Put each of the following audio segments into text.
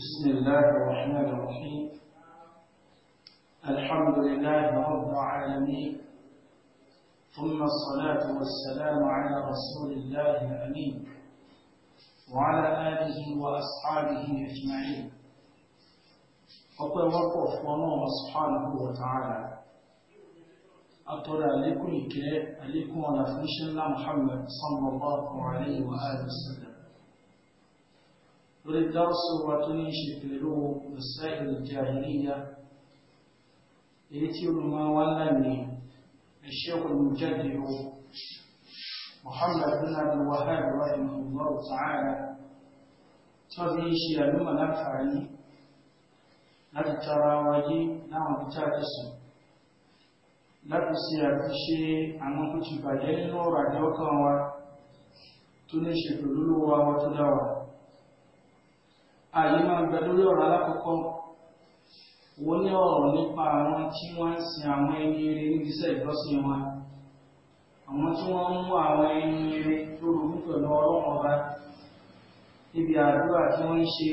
بسم الله الرحمن الرحيم الحمد لله رب العالمين ثم الصلاة والسلام على رسول الله الأمين وعلى آله وأصحابه أجمعين وقوف ونوم سبحانه وتعالى أطلع لكم كلاب لكم ونفنش الله محمد صلى الله عليه وآله وسلم والدرس وتنيش في العلوم مسائل الجاهلية يتيم ما ولني الشيخ المجدد محمد بن عبد الوهاب رحمه الله تعالى تبيش يا لما نفعني láti tara wáyé láwọn ìjá ẹ̀sùn láti ṣe àtúnṣe àwọn tó ti bàjẹ́ nínú ọ̀rọ̀ àjọ́kan wa tó ní ṣe pẹ̀lú lówó wa tó dáwàá àyè máa gbẹ lórí ọ̀rọ̀ alákọ̀ọ́kọ́ wọ́n ní ọ̀rọ̀ nípa àwọn tí wọ́n ń sin àwọn ẹni eré níbi iṣẹ́ ìjọsìn wọn àwọn tí wọ́n ń mú àwọn ẹni eré lórogún pẹ̀lú ọlọ́run ọba níbi àdúrà tí wọ́n ń ṣe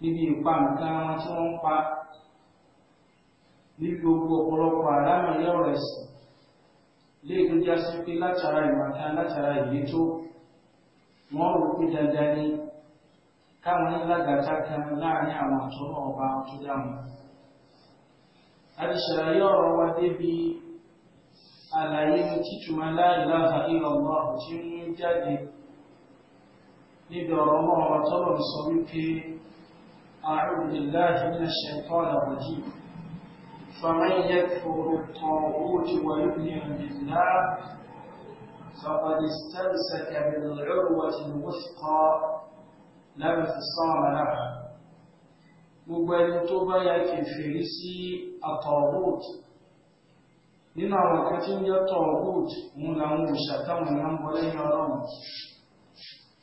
níbi ìpa nǹkan wọn tí wọ́n ń pa níbi gbogbo ọ̀pọ̀lọpọ̀ àdámọ̀lẹ́ ọ̀rọ̀ ẹ̀sìn léèkó já sí pé látara ìmọ̀ta látara ìyétó wọ́n rò pé dandan ni káwọn nílágbàtà kan láàrin àwọn àtúnú ọba tó dáhùn a ti ṣàlàyé ọ̀rọ̀ wa débi àlàyé títúmọ̀ la ilaha illallah tí ń jáde níbi ọ̀rọ̀ ọmọ ọba tọ́lọ̀ sọ wípé a'udhu billahi فمن يكفر بالطاغوت ويؤمن بالله فقد استمسك بالعروة الوثقى lábẹ́ si sán àlàáfà gbogbo ẹni tó bá yà kèfèrí sí àtọ̀ọ̀bùt nínú àwọn ọ̀kan tí ń jẹ́ tọ̀ọ̀bùt òun làwọn òòṣà táwọn èèyàn ń bọ lẹ́yìn ọlọ́run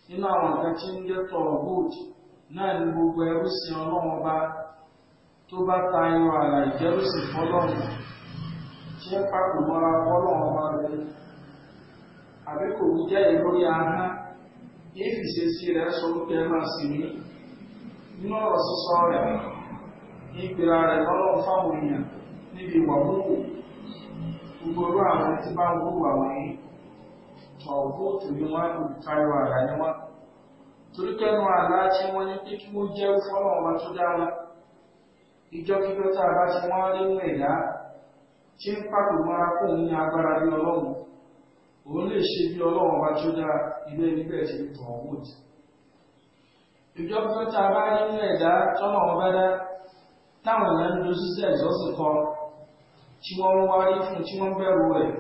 nínú àwọn ọ̀kan tí ń jẹ́ tọ̀ọ̀bùt náà ni gbogbo ẹrú sí ọlọ́run ọba tó bá tí yìí fi ṣe sí rẹ̀ sọ wípé ẹ máa sì ní nínú ọ̀rọ̀ sísọ rẹ̀ ìgbéra rẹ̀ lọ́rọ̀ fáwọn èèyàn níbi ìwà wúwo gbogbo orú àwọn tí bá ń wúwo àwọn yìí tọ̀gbọ́tù ni wọ́n ń tayọ àrà ni wọ́n torí kẹ́nu àlá tí wọ́n ní pé kí wọ́n jẹ́ fọ́nà ọmọ tó dá wọn ìjọ kíkọ́ tá a bá ti wọ́n rí mú ẹ̀dá tí ń pàtó mọ́ra kóun ní agbára bí ọlọ́run òun lè ṣe bí ọlọ́run bá tó dáa ilé níbẹ̀ ti tàn owó tì. ìjọba tá a bá nínú ẹ̀dá tọ́lọ́run bá dá táwọn èèyàn ń lo ṣíṣẹ́ ìjọsìn kan tí wọ́n ń wáyé fún tí wọ́n ń bẹ̀rù rẹ̀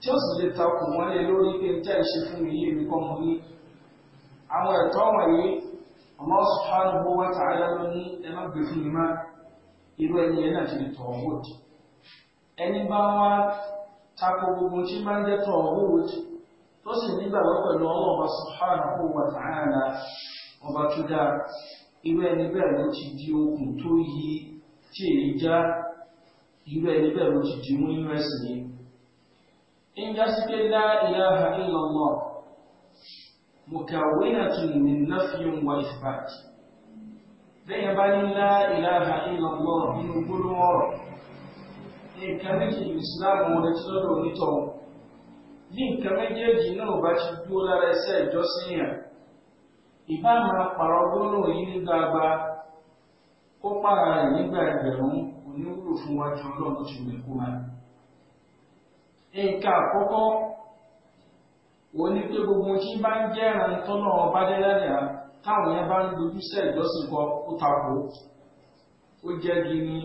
tí ó sì lè takò wọ́n lé lórí pé ń ìṣe fún mi yé mi kọ́ mo ní. àwọn ẹ̀tọ́ wọ̀nyí Allah subhanahu wa ta'ala ló ní ẹ gbé fún mi má irú ẹni yẹn náà ti tàn owó tako gbogbo tí máa ń jẹ́ tọ̀ owó tó sì nígbàgbọ́ pẹ̀lú ọlọ́ọ̀bá subhanahu wa ta'ala ọba tó dáa irú ẹni bẹ́ẹ̀ ló ti di okùn tó yí tí èyí já irú ẹni bẹ́ẹ̀ ló ti di mú inú ẹ̀sìn yìí. ń sí pé la ilaha illallah mukawinatun min nafyin wa ithbat bẹ́ẹ̀ bá ní la ilaha illallah nínú gbólóhùn ọ̀rọ̀ nǹkan méjì ìsìláàmù wọn ti lọ́dọ̀ onítọ̀hún ní nǹkan méjèèjì náà bá ti dúró lára iṣẹ́ ìjọsìn yàn ìbá máa pààrọ̀ gbólóhùn yìí ní gbagba kó pààrà rẹ̀ nígbà ẹgbẹ̀rún oníwúrò fún wájú ọlọ́run ti rẹ̀ kó máa. nǹkan àkọ́kọ́ òun ni pé gbogbo tí bá ń jẹ́ ẹran tọ́nà ọba dẹ́lẹ́dẹ́ táwọn yẹn bá ń dojú sẹ́ ìjọsìn kan ó takò ó jẹ́ gini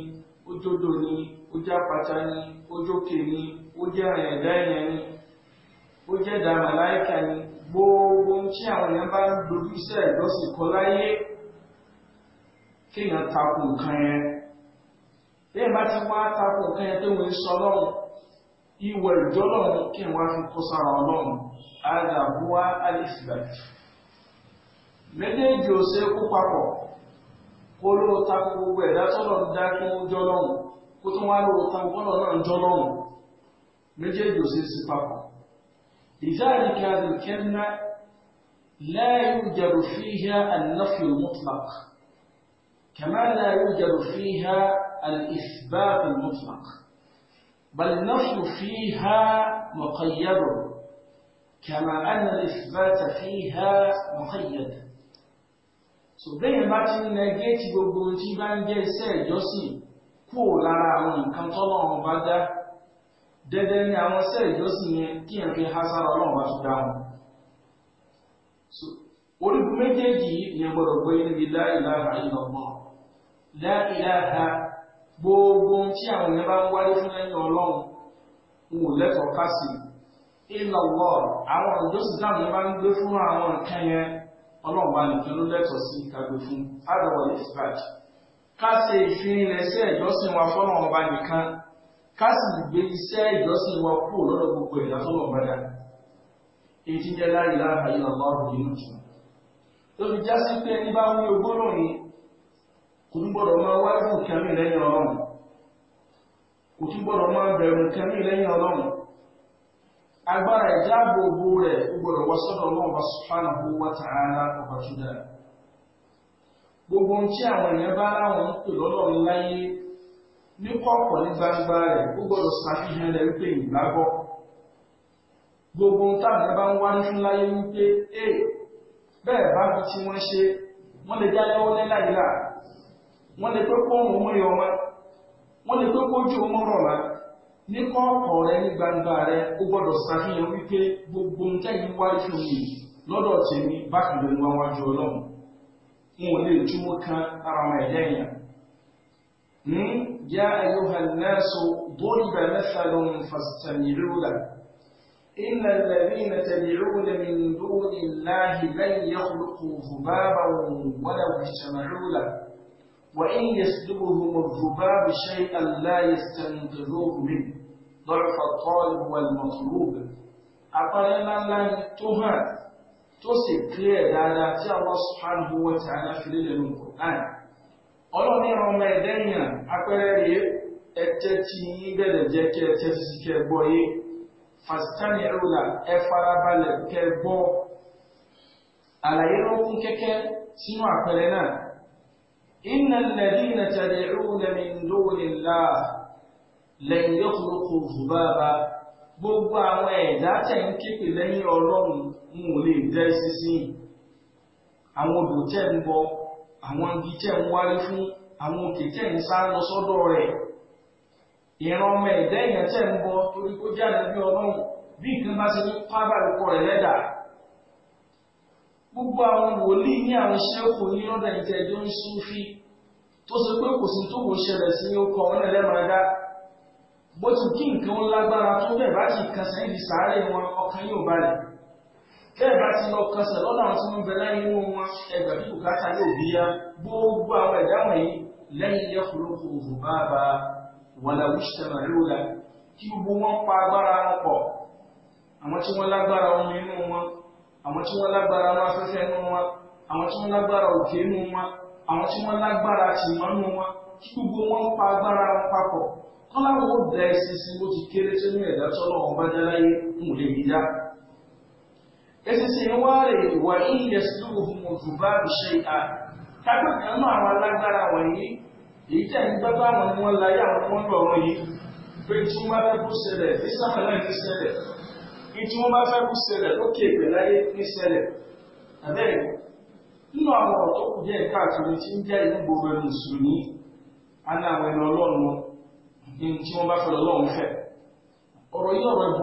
ó jódò ni ó jẹ́ apata ni ó jókè ni ó jẹ́ ẹ̀dá èèyàn ni ó jẹ́ ẹ̀dá màláìkà ni gbogbo ohun tí àwọn èèyàn bá ń dojú iṣẹ́ ìjọsìn kọ láyé kéèyàn takò nǹkan yẹn bẹ́ẹ̀ bá ti wá takò nǹkan yẹn tó ń sọ lọ́run ìwọ ìjọlọ́run kí n wá fi kó sára ọlọ́run àdàbúwá alẹ́sìgbàtì méjèèjì ò ṣe é kó papọ̀ kó ló takò gbogbo ẹ̀dá tọ́lọ̀ ń dá kí wọ́n jọlọ́run. kó wá lóru tán gbọ́dọ̀ náà jọ lọ́rùn méjèèjì ò sí sí papọ̀ لذلك هذه الكلمة لا يوجد فيها النفي المطلق كما لا يوجد فيها الإثبات المطلق بل النفي فيها مقيد كما أن الإثبات فيها مقيد ṣùgbọ́n ìyẹn bá ti ń nẹgẹ́tì gbogbo tí bá ń jẹ́ iṣẹ́ ìjọsìn kúrò lára àwọn nǹkan tọ́lọ́ wọn bá dá dẹ́dẹ́ ní àwọn iṣẹ́ ìjọsìn yẹn kí ẹ̀ fi hására ọlọ́run bá tún dá wọn. orígun méjèèjì yẹn gbọ́dọ̀ gbé níbi láìláha ìlọ́gbọ́n láìláha gbogbo tí àwọn yẹn bá ń wáyé fún lẹ́yìn ọlọ́run ń wò lẹ́tọ̀ọ́ kásì ìlọ́gbọ́ àwọn ìjọsìn táwọn yẹn bá ń gbé fún àwọn nǹkan yẹn ọlọ́run bá nìkan ló lẹ́tọ̀ọ́ sí ká fún ádàwọ̀ ìfúrájì. kasi ṣe na ìjọsìn wa fọ́nà ọba nìkan ká sì gbé iṣẹ́ ìjọsìn wa kú gbogbo ìlà tó lọ bàdà èyí tí jẹ́ láyé láàbà yìí lọ́wọ́ ọ̀rọ̀ yìí nìkan tó fi pé ẹni bá wí ogóró ni kò tún gbọ́dọ̀ máa wájú kẹmí lẹ́yìn ọlọ́run kò tún gbọ́dọ̀ máa bẹ̀rù kẹmí lẹ́yìn ọlọ́run agbára gbogbo ohun tí àwọn èèyàn bá láwọn ń pè lọ́lọ́run láyé ní kọ̀ọ̀kan ní gbangba rẹ̀ ó gbọ́dọ̀ ṣàfihàn rẹ̀ wípé ìgbàgbọ́ gbogbo ohun táwọn bá ń wá ní láyé wípé e bẹ́ẹ̀ bá fi tí wọ́n ṣe wọ́n lè jáyẹ́wọ́ ní láìlá wọ́n lè pé pọ́ùn mú yọ wọn wọ́n lè pé kójú mú rọ̀ wá ní kọ̀ọ̀kan rẹ̀ ní gbangba rẹ̀ ó gbọ́dọ̀ ṣàfihàn wípé gbogbo ohun tẹ́yìn wá ìfún mi lọ́dọ̀ tèmi bákan lè wá wájú ọlọ́run wọn ò lè يا أيها الناس ضرب مثل فاستمعوا له إن الذين تدعون من دون الله لن يخلقوا ذبابا ولو اجتمعوا له وإن يسلبهم الذباب شيئا لا يستنقذوه منه ضعف الطالب والمطلوب أطلب الله تهات tó sì clear dáadáa tí Allah subhanahu wa ta'ala fi lélẹ̀ nínú Qur'an ọlọ́ni ọmọ ẹ̀dẹ́yìn apẹ́rẹ́ rèé ẹtẹ́ tí yín bẹ̀rẹ̀ jẹ́ kí ẹtẹ́ sì kẹ́ gbọ́ yé fàsítánì ẹ̀rọ̀là ẹ farabalẹ̀ kẹ́ gbọ́ àlàyé ló kún kẹ́kẹ́ sínú àpẹẹrẹ náà inna alladhina tad'una min dunillahi lan yakhluqu dhubaba gbogbo àwọn ẹ̀dá tẹ̀ ń képe lẹ́yìn ọlọ́run n ò lè dẹ́ sísìn àwọn odò tẹ́ ń bọ àwọn igi tẹ́ ń wárí fún àwọn òkè tẹ́ ń sá lọ sọ́dọ̀ rẹ̀ ìran ọmọ ẹ̀dá èèyàn tẹ́ ń bọ torí kó jáde bí ọlọ́run bí nǹkan bá ti ní pábà lóko rẹ̀ lẹ́dà gbogbo àwọn wòlíì ní àwọn ṣẹ́kù ní ọ̀dọ̀ ìtẹ́jọ́ ń súnfí tó ṣe pé kò sí tó kò ṣẹlẹ̀ sí ní ọkọ̀ ọ̀nà ẹlẹ́màdá bó ti kí nǹkan lágbára tó bẹ̀ bá ti kàn sẹ́yìn sáré wọn ọkàn yóò balẹ̀ tẹ́ẹ̀bá ti lọ kọsẹ̀ lọ́nà tí wọ́n bẹ láyé inú wọn ẹgbẹ̀ bí bùkátà yóò bí yá gbogbo àwọn ẹ̀dá wọ̀nyí lẹ́yìn yẹ kúròkù òògùn bá a bá wọn la wíṣítẹ̀ máa rí òla kí gbogbo wọn pa agbára wọn pọ̀ àwọn tí wọ́n lágbára omi inú wọn àwọn tí wọ́n lágbára wọn afẹ́fẹ́ inú wọn àwọn tí wọ́n lágbára òkè inú wọn àwọn tí wọ́n lágbára tìmọ́ inú wọn kí ẹsẹsẹ yẹn wá rè wà ìyẹ sílùú mọ̀tò bá mi ṣe à tágbàgbà náà àwọn alágbára wọ̀nyí èyí tẹ̀ ń gbẹ́gbẹ́ àwọn ọmọ láyé àwọn ọmọ ọ̀dọ̀ wọn yìí pé tí wọ́n bá fẹ́ kú ṣẹlẹ̀ ní sàmìlẹ̀ ní ṣẹlẹ̀ ní tí wọ́n bá fẹ́ kú ṣẹlẹ̀ lókè ìpè láyé ní ṣẹlẹ̀ àbẹ́rẹ́ nínú àwọn ọ̀rọ̀ tó kù díẹ̀ káàkiri tí ń jẹ́ ìlú gbogbo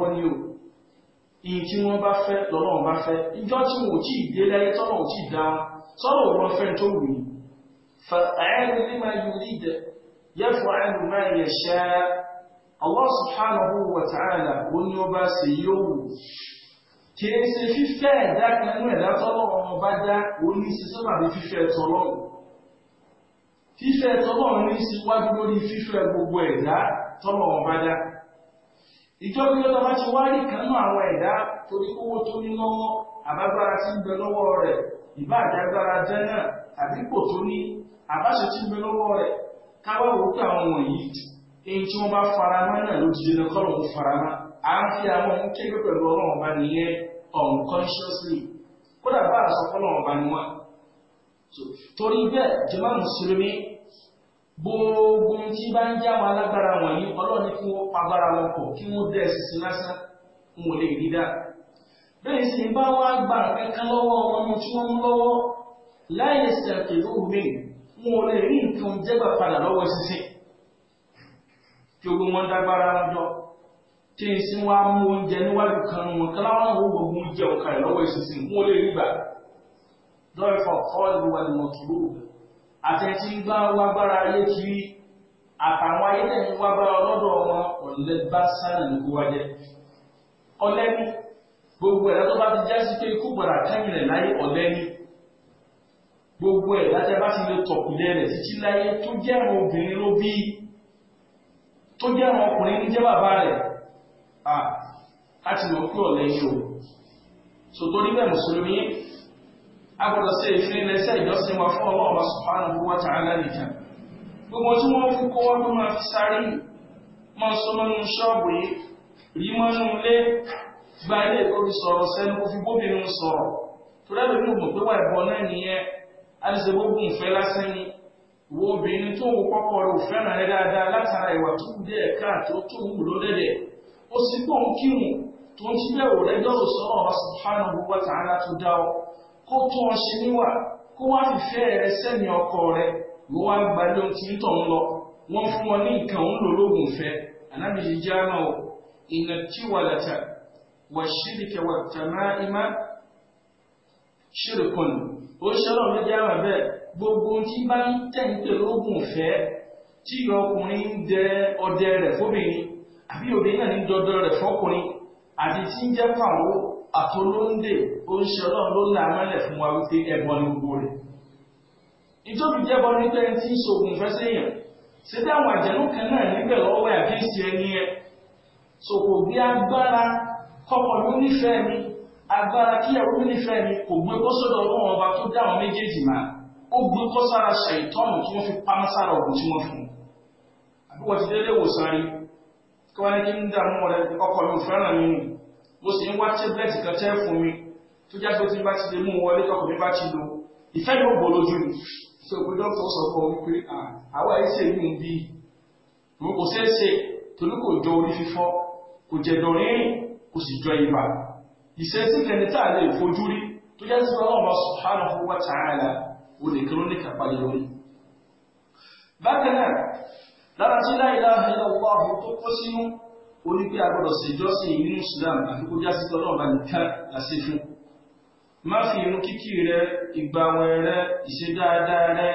ẹnu ìyìn tí wọ́n bá fẹ́ lọ́lọ́run bá fẹ́ ìjọ tí wọ́n tí ìdé láyé tọ́nà ò tí dáa sọ́nà ò rán fẹ́ tó wù ní fa'ẹ́rù ní máa yìí ìdẹ̀ yẹ́fọ́ ẹnu máa yẹ ṣẹ́ Allah subhanahu wa ta'ala ó ní ó bá ṣe yóò wù kì í ṣe fífẹ́ ẹ̀dá kan nínú ẹ̀dá tọ́nà ọmọ bá dá ó ní ṣe sọ́nà bí fífẹ́ tọ́lọ́run fífẹ́ tọ́lọ́run ní ṣíwájú lórí fífẹ́ gbogbo ẹ̀dá tọ́nà ọmọ bá dá ìjọba yóò tọ́ bá ti wá rí kanú àwọn ẹ̀dá torí owó tó ní lọ́wọ́ àbágbára tí ń bẹ lọ́wọ́ rẹ̀ ìbá àdágbára jẹ́ náà tàbí kò tó ní àbáṣe tí ń bẹ lọ́wọ́ rẹ̀ káwá wò pé àwọn wọ̀nyí èyí tí wọ́n bá faramọ́ náà ló ti dènà kọ́lọ̀ ń faramọ́ à ń fi àwọn ohun kéwé pẹ̀lú ọlọ́run ọba nìyẹn unconsciously kódà bá àsọkọ́lọ́run ọba ni wọ́n torí bẹ́ẹ̀ jẹ́mọ́ mùsùlùmí gbogbo tí bá ń já wọn alágbára wọn pọ̀ kí wọ́n dẹ̀ sísun lásán ń lè rí dá bẹ́ẹ̀ sì bá wọn kankan lọ́wọ́ wọn mú tí wọ́n mú lọ́wọ́ láì ṣàkèlú mi wọn lè rí nǹkan jẹ́gbà padà lọ́wọ́ kí ogun wọn dágbára wọn jọ tí n mú oúnjẹ níwájú kan wọn kálá wọn àtẹ̀tí gbá wágbára ayé kiri àtàwọn ayé tẹ̀yìn wágbára ọlọ́dọ̀ wọn ọ̀lẹ́gbá sáré lóko wájẹ́ ọlẹ́ni gbogbo ẹ̀dá tó bá ti já sí pé ikú gbọ́dọ̀ kẹ́yìn rẹ̀ láyé ọlẹ́ni gbogbo ẹ̀dá tẹ́ bá ti lè tọ̀kùlẹ̀ rẹ̀ títí láyé tó jẹ́ àwọn obìnrin ló bí tó jẹ́ àwọn ọkùnrin ní jẹ́ bàbá rẹ̀ a ti mọ̀ pé ọ̀lẹ́ni o sòtò nígbà mùsùlùmí a gbọ́dọ̀ sí èéfín lẹ́sẹ̀ ìjọsìn wa fún ọlọ́ọ̀bà subhanahu wa ta'ala nìkan gbogbo tí wọ́n fi kó wọ́n tó máa fi sáré máa sọ mọ́nú ṣọ́ọ̀bù yìí rí mọ́nú ilé gba ilé ìkórè sọ̀rọ̀ sẹ́nu kó fi bóbìnrin sọ̀rọ̀ tó rẹ́ lórí ògbò pé wà ìbọn náà nìyẹn a lè ṣe gbogbo ìfẹ́ lásán ni wo obìnrin tó wo kọ́kọ́ rẹ̀ òfẹ́ràn rẹ̀ dáadáa látara ìwà tó kù díẹ̀ káàtó tó wù lódẹ̀dẹ̀ ó sì gbọ́n kírun tó ń ti bẹ̀wò rẹ̀ dọ́rọ̀ sọ́rọ̀ kó tún ọ ṣe níwà kó wá fìfẹ́ rẹ sẹ́ni ọkọ rẹ ló wá gba ló ti ń tọ̀ ń lọ wọ́n fún wọn ní nǹkan ń lò lóògùn fẹ́ ànábì yìí já náà o ìnà tí wà lẹ́tà wà ṣíríkẹ wà tàmá imá ṣírìkùn ó ṣẹlọ ló já wà bẹ́ẹ̀ gbogbo tí bá ń tẹ̀ǹtẹ̀ lóògùn fẹ́ tí ọkùnrin ń dẹ ọdẹ rẹ̀ fóbìnrin àbí obìnrin náà ń dọdọ rẹ̀ fọkùnrin àti tí ń jẹ́ pàwọ́ àtolóńdè ó ń ṣe ọlọ́run ló là mọ́lẹ̀ fún wa wípé ẹ̀bọ ni gbogbo rẹ̀ ìtòbí jẹ́bọ ní pé ẹni tí ń ṣoògùn fẹ́ sẹ́yìn ṣé táwọn àjẹnú kan náà níbẹ̀ lọ́wọ́ ẹ̀ kí ń ṣe ẹni ẹ sòkò bí agbára kọ́kọ́ ló nífẹ̀ẹ́ mi agbára kíyàwó mi nífẹ̀ẹ́ mi kò gbé kó sọ́dọ̀ ọlọ́run ọba tó dá àwọn méjèèjì máa ó gbé kó sára ṣàìtọ́nù tí wọ́n fi pamọ́ sára ọ̀gùn tí wọ́n fún un àbí ti délé ìwòsàn rí kí wọ́n ní kí ń dààmú rẹ̀ ọkọ̀ mi ò fẹ́ràn nínú mo sì ń wá tablet kan tẹ́ fún mi tó já pé tí n bá ti lè mú wọlé tọkọ mi bá ti lo ìfẹ́ yóò bọ̀ lójú mi so pé dókítà sọ fún ọ wípé ah, àwa ẹ̀ ṣe yún bí mo kò ṣeé ṣe torí kò jọ orí fífọ́ kò jẹ̀dọ̀ rírìn kò sì jọ ibà ìṣesí kẹni tá a lè fojú rí tó já sí ọlọ́run subhanahu wa ta'ala olè kí ló ní kápá lórí. bákan náà lára tí la ilaha illallah tó ó ní pé agbọ́dọ̀ sí ìjọsìn nínú Islam àti kó já sí tọ́lọ́ ọ̀la nìkan láti fún. má fi irun kíkì rẹ ìgbàwẹ̀ rẹ ìṣedáadáa rẹ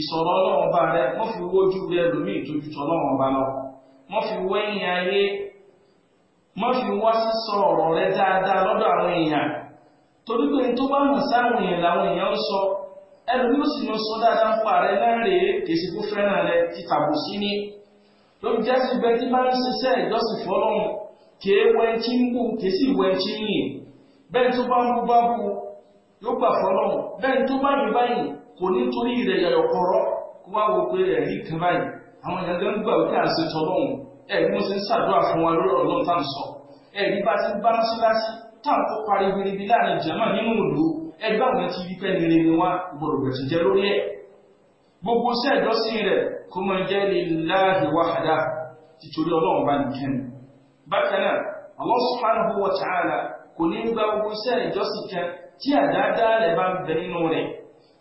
ìsọ̀rọ̀ ọlọ́run bá rẹ wọ́n fi wójú rẹ lómi ìtọ́jú tọ́lọ́run bá lọ wọ́n fi wẹ́yìn ayé wọ́n fi wá sísọ ọ̀rọ̀ rẹ dáadáa lọ́dọ̀ àwọn èèyàn torí pé tó bá hàn sáwọn èèyàn làwọn èèyàn ń sọ ẹlòmíràn sì ń sọ dáadáa ń pa rẹ náà rèé kèsì fẹ́ràn rẹ títàbùsí ní ló ń jẹ́ síbẹ̀ tí bá ń ṣiṣẹ́ ìjọsìn fọ́lọ́run kì í wẹ ẹtí ń bù kì í sì wẹ ẹtí ń yìn bẹ́ẹ̀ tó bá ń bú bá bú yóò gbà fọ́lọ́run bẹ́ẹ̀ tó bá yìn báyìí kò ní torí rẹ̀ yàyọ̀ kọ̀rọ̀ kó wá wo pé ẹ̀rí kan báyìí àwọn èèyàn gan gbà wípé àṣẹ tọ́lọ́run ẹ̀rí mo ṣe ń ṣàdúrà fún wa lórí ọ̀rọ̀ tá à ń sọ ẹ̀rí bá ti bá ń síláṣí tá à ń kó pariwo ibi láàrin jàmáà nínú ìlú ẹgbẹ́ àwọn ti rí pẹ́ nílé ni wá gbọ̀dọ̀gbẹ̀ ti jẹ lórí ẹ̀ gbogbo sí ẹ̀dọ́sìn rẹ̀ kó máa jẹ́ lillahi wahda títorí ọlọ́run bá nìkan ni bákan náà Allah subhanahu wa ta'ala kò ní gba gbogbo sí ẹ̀dọ́sìn kan tí àdáadáa rẹ̀ bá ń bẹ nínú rẹ̀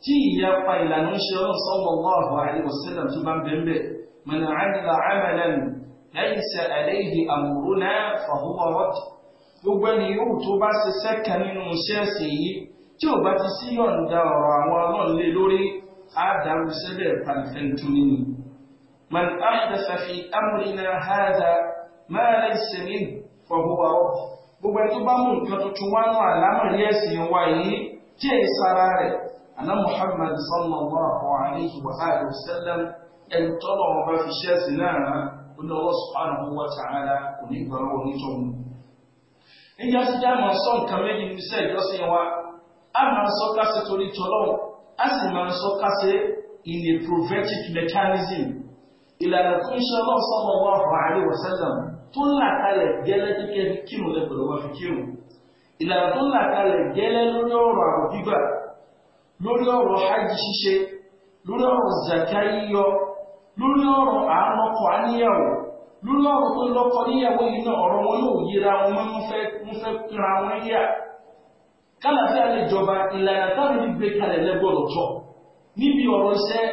tí ìyapa ìlànà ń ṣe ọlọ́run sallallahu alaihi wasallam tó bá ń bẹ ń bẹ man 'amila 'amalan laysa 'alayhi amruna fahuwa radd gbogbo ẹni yóò tó bá ṣiṣẹ́ kan nínú iṣẹ́ ẹ̀sìn yìí tí ò bá ti sí yọ̀ǹda ọ̀rọ̀ àwọn ọlọ́run lé lórí آدم سبب فالفنتنين من أحدث في أمرنا هذا ما ليس منه فهو رد gbogbo ẹni tó bá mú nǹkan tuntun wá náà àlámọ̀rí ẹ̀sìn wa yìí tí èyí sára rẹ̀ àná Muhammad sallallahu alayhi wa alihi wa sallam ẹni tọ́lọ̀ wọn bá fi ṣe ẹ̀sìn náà rán olówó subhanahu wa ta'ala kò ní gbọ́rọ̀ onítọ̀hún. níjà sí dáàmú sọ méjì ní sẹ́ẹ̀jọ́sìn wa a máa sọ sí torí tọ́lọ́wọ́ a sì máa ń sọ kásẹ̀ in a prophetic mechanism ìlànà tó ń ṣe ọlọ́run sallallahu alaihi wasallam tó ń là kalẹ̀ gẹ́lẹ́ kíkẹ́ fi kírun lẹ́gbẹ̀rẹ̀ wọn fi kírun ìlànà tó ń là kalẹ̀ gẹ́lẹ́ lórí ọ̀rọ̀ àrùn gbígbà lórí ọ̀rọ̀ hajj ṣíṣe lórí ọ̀rọ̀ zaka yíyọ lórí ọ̀rọ̀ àánọ́kọ̀ àníyàwó lórí ọ̀rọ̀ tó lọ́kọ níyàwó yìí náà ọ̀rọ̀ wọn yóò yíra wọn wọ́n fẹ́ pínra wọn yíyà kálàfíà lè jọba ìlànà táwọn ibi gbé kalẹ̀ lẹ́gbọ̀dọ̀ tọ̀ níbi ọ̀rọ̀ iṣẹ́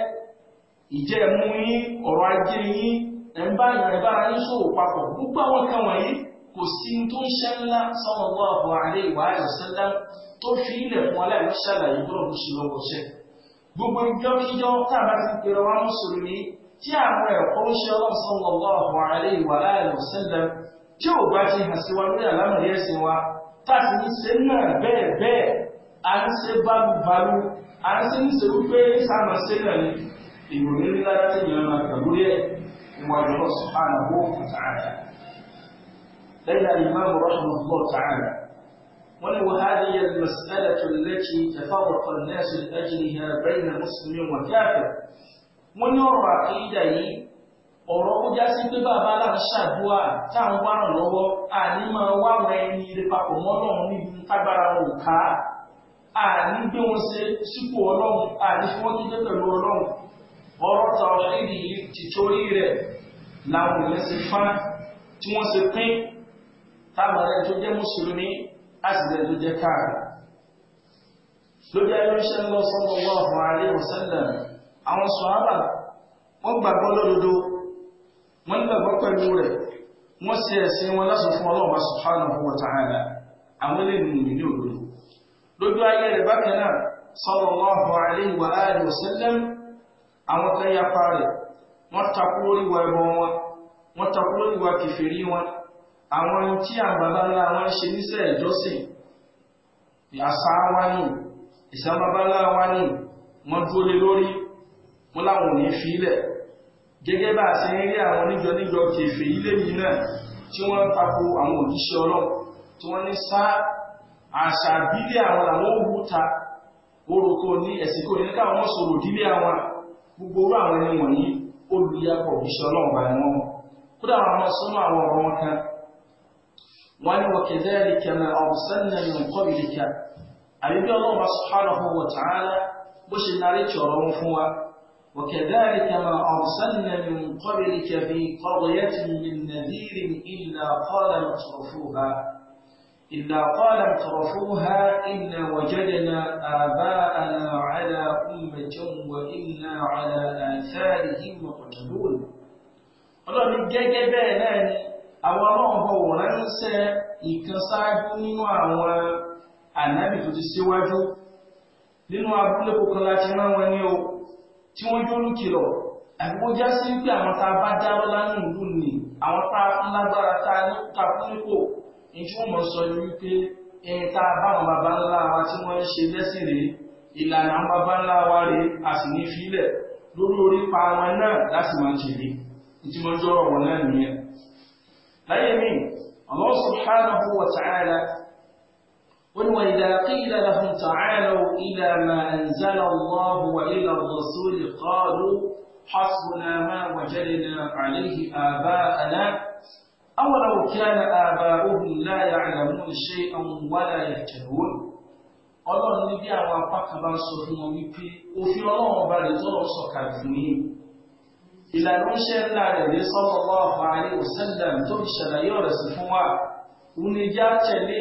ìjẹ́ ẹ̀mú yín ọ̀rọ̀ ajé yín ẹ̀mbá ìbára yín sòwò papọ̀ gbogbo àwọn kan wọ̀nyí kò sí tó ń ṣe ńlá sallallahu alaihi wa sallam tó fi ilẹ̀ fún aláìní ṣàlàyé bọ́rọ̀ tó ṣe lọ́wọ́ ṣẹ́ gbogbo ìjọkíjọ tá a bá ti pèrè wọn mùsùlùmí tí àwọn ẹ̀kọ́ ń ṣe ọlọ́run sallallahu alaihi wa sallam tí ò bá ti hàn sí wa lórí àlámọ̀rí ẹ̀sìn wa táàsì ń ṣe náà bẹ́ẹ̀ bẹ́ẹ̀ a ń ṣe bárúbarú a ń ṣe ń ṣe wípé sáàmà ṣe náà ni ìròyìn ńlá láti yàn máa kà lórí ẹ̀ níwájú lọ sí àná bó àtàrà lẹ́yìn àyíká mọ̀rọ̀ ọ̀bọ̀ tààrà wọ́n ní وهذه المسألة التي تفرق الناس لأجلها بين مسلم وكافر wọ́n ní ọ̀rọ̀ àkídà yìí ọ̀rọ̀ ó já sí pé bàbá aláṣàdúà táwọn wá ràn lọ́wọ́ àní máa wáwọn ẹni ire papọ̀ mọ́ ọlọ́run níbi tágbára wọn ò ká àní gbé wọn ṣe sípò ọlọ́run àní fún wọn kíkẹ́ pẹ̀lú ọlọ́run ọ̀rọ̀ ta ọ̀rọ̀ ìdí tìtorí rẹ̀ làwọn èèyàn ṣe fán tí wọ́n ṣe pín táwọn ẹni tó jẹ́ mùsùlùmí á sì lẹ́ni tó jẹ́ káàrà lórí ayọ́ṣẹ́ ńlọ sallallahu alaihi wasallam àwọn sọ̀hábà wọ́n gbàgbọ́ lódodo wọ́n nígbàgbọ́ pẹ̀lú rẹ̀ wọ́n ṣe ẹ̀sìn wọn lọ́sùn fún ọlọ́ọ̀bá subhanahu wa ta'ala àwọn ilé ìrìn ní òdodo lójú ayé sallallahu alaihi wa alihi kan yapa wa ẹbọ wọn wa kẹfìrí wọn àwọn tí ni ìsàmàbàlá ni wọ́n dúró gẹ́gẹ́ bá a ṣe ń rí àwọn níjọ níjọ kèfè ilé yìí náà tí wọ́n ń tako àwọn òjíṣẹ́ ọlọ́run tí wọ́n ní sá àṣà ìbílẹ̀ àwọn làwọn òwú ta orúkọ ní ẹ̀sìn kò ní káwọn wọ́n sọ̀rọ̀ ìdílé àwọn gbogbo orú àwọn ẹni wọ̀nyí olùyàpọ̀ òjíṣẹ́ ọlọ́run bá wọn kódà àwọn ọmọ sọ́nà àwọn ọ̀rọ̀ wọn kan wọ́n ní wọ́n kẹ̀dẹ́ وكذلك ما أرسلنا من قبلك في قرية من نذير إلا قال مترفوها إلا قال مترفوها إن وجدنا آباءنا على أمة وإنا على آثارهم مقتدون ọlọ́run gẹ́gẹ́ bẹ́ẹ̀ náà ni àwọn ọlọ́ọ̀bọ̀ wò ránṣẹ́ ìkanṣáájú nínú àwọn ànábì tó ti síwájú nínú abúlé rán wọn ní o tí wọ́n jó lókè lọ àgbójá sí pé àwọn tá a bá dá lọ́lá ní ìlú ni àwọn tá a lágbára tá a ní ká fún nípò ní tí wọ́n mọ̀ sọ ni wípé ẹni tá a bá àwọn baba ńlá wa tí wọ́n ń ṣe lẹ́sìn rèé ìlànà àwọn baba ńlá wa rèé a sì ní fílẹ̀ lórí orí pa wọn náà láti máa jèrè ìtí wọ́n wọn náà nìyẹn. láyé mi Allah subhanahu wa ta'ala وإذا قيل لهم تعالوا إلى ما أنزل الله وإلى الرسول قالوا حسبنا ما وجدنا عليه آباءنا أولو كان آباؤهم لا يعلمون شيئا ولا يهتدون ọlọ́run ní bí àwọn apá kan bá sọ fún wọn wípé òfin ọlọ́run ọba rẹ̀ tọ́lọ̀ sọ̀kalẹ̀ fún yín ìlànà iṣẹ́ ńlá rẹ̀ lé sallallahu alaihi wasallam tó fi ṣàlàyé ọ̀rẹ̀ sí fún wa òun ni já tẹ̀lé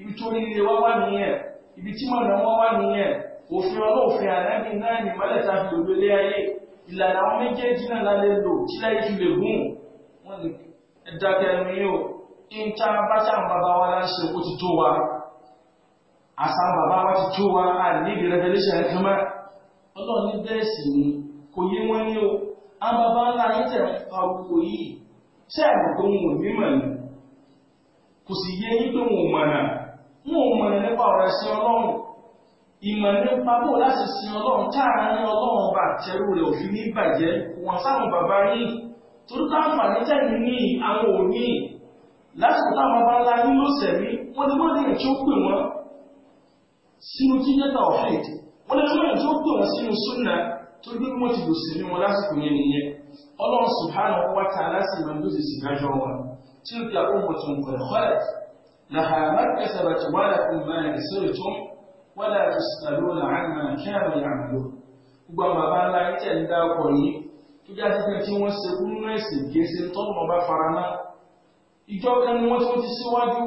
ibi tó nílé wá wà nìyẹn ibi tí mọ̀nà wọn wà nìyẹn òfin ọlọ́ọ̀fin àdáni náà ní mọ́lẹ̀ta fi lòdó lé ayé ìlànà àwọn méjèèjì náà lálẹ́ lò tí láyé fi lè gùn wọn ní ẹ̀dàkẹ́ ẹnu yìí ó ń ta bàtà bàbá wa láṣẹ ó ti tó wa àṣà bàbá wa ti tó wa àníbi revolution ẹ̀kan mọ́ ọlọ́run ní bẹ́ẹ̀ sì ni kò yé wọn ní o àbàbá ńlá yìí tẹ̀ ń pa yìí ṣé àgbẹ̀ tó ń wò ní mọ̀ ni kò sì yé yín tó ń wò mọ̀ náà wọn ò mọ̀ nípa ọ̀rọ̀ ẹ̀sìn ọlọ́run ìmọ̀ nípa bò láti sin ọlọ́run táàrin ọlọ́run bá tẹrù rẹ̀ òfin ní ìbàjẹ́ wọn sáwọn bàbá yìí torí táwọn àníjẹ́ni ní àwọn òní lásìkò táwọn bá ńlá yín ló sẹ̀mí wọ́n lè wọ́n lèyàn tí ó pè wọ́n sínú jíjẹ́ta ọ̀fẹ́d wọ́n lè wọ́n lèyàn tí ó pè wọ́n sínú súnà torí pé wọ́n ti lò sí ní wọn lásìkò yẹn nìyẹn ọlọ́run subhanahu wa ta'ala sì máa ń lòdì sí ìdájọ́ wọn tí ó fi àkókò tó ń pẹ̀lú لها ما كسبت ولكم ما كسبتم ولا تسألون عما كانوا يعملون gbogbo àwọn bàbá ńlá yìí tẹ̀ ń dá ọkọ̀ yìí tó já sí pé tí wọ́n ṣe kú nínú ẹ̀sìn kìí ṣe tọ́nù ọba faraná ìjọ kan ni wọ́n tó ti síwájú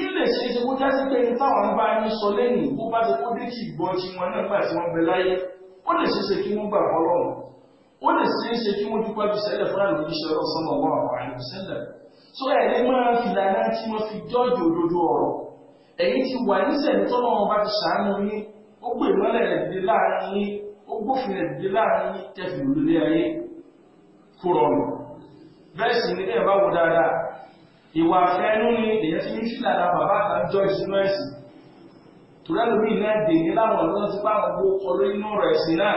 ilé ṣe ṣe kó já sí pé ní táwọn bá ń sọ lẹ́yìn bó bá ṣe kó dé kí ìgbọ́n tí wọn náà gbà tí wọ́n bẹ láyé ó lè ṣe ṣe kí wọ́n gbà fọlọ́run ó lè ṣe ṣe kí wọ́n dúpẹ́ jù sẹ́lẹ̀ fún àlùkí ṣe ọ̀sán ọ̀gbọ́n àwọn àyùsẹ́lẹ̀ tó ẹ̀ lè máa fi lànà tí wọ́n fi jọ́jì òdodo ọ̀rọ̀ ẹ̀yin ti wà nísẹ̀lẹ̀ tó lọ́wọ́ bá ti ṣàánú yín ó gbé ìmọ́lẹ̀ rẹ̀ dìde láàrin yín ó gbófin rẹ̀ dìde láàrin yín tẹ̀fì lórí ayé kó rọrùn bẹ́ẹ̀ sì ní ẹ̀ bá wo dáadáa ìwà afẹ́nú ni èyàn ti ń fi lànà bàbá àtàjọ ìṣúná ẹ̀sìn tùrẹ́lùmí náà dè ní láwọn ọ̀dọ́ ti bá àwọn owó kọ lórí inú ọ̀rọ̀ ẹ̀sìn náà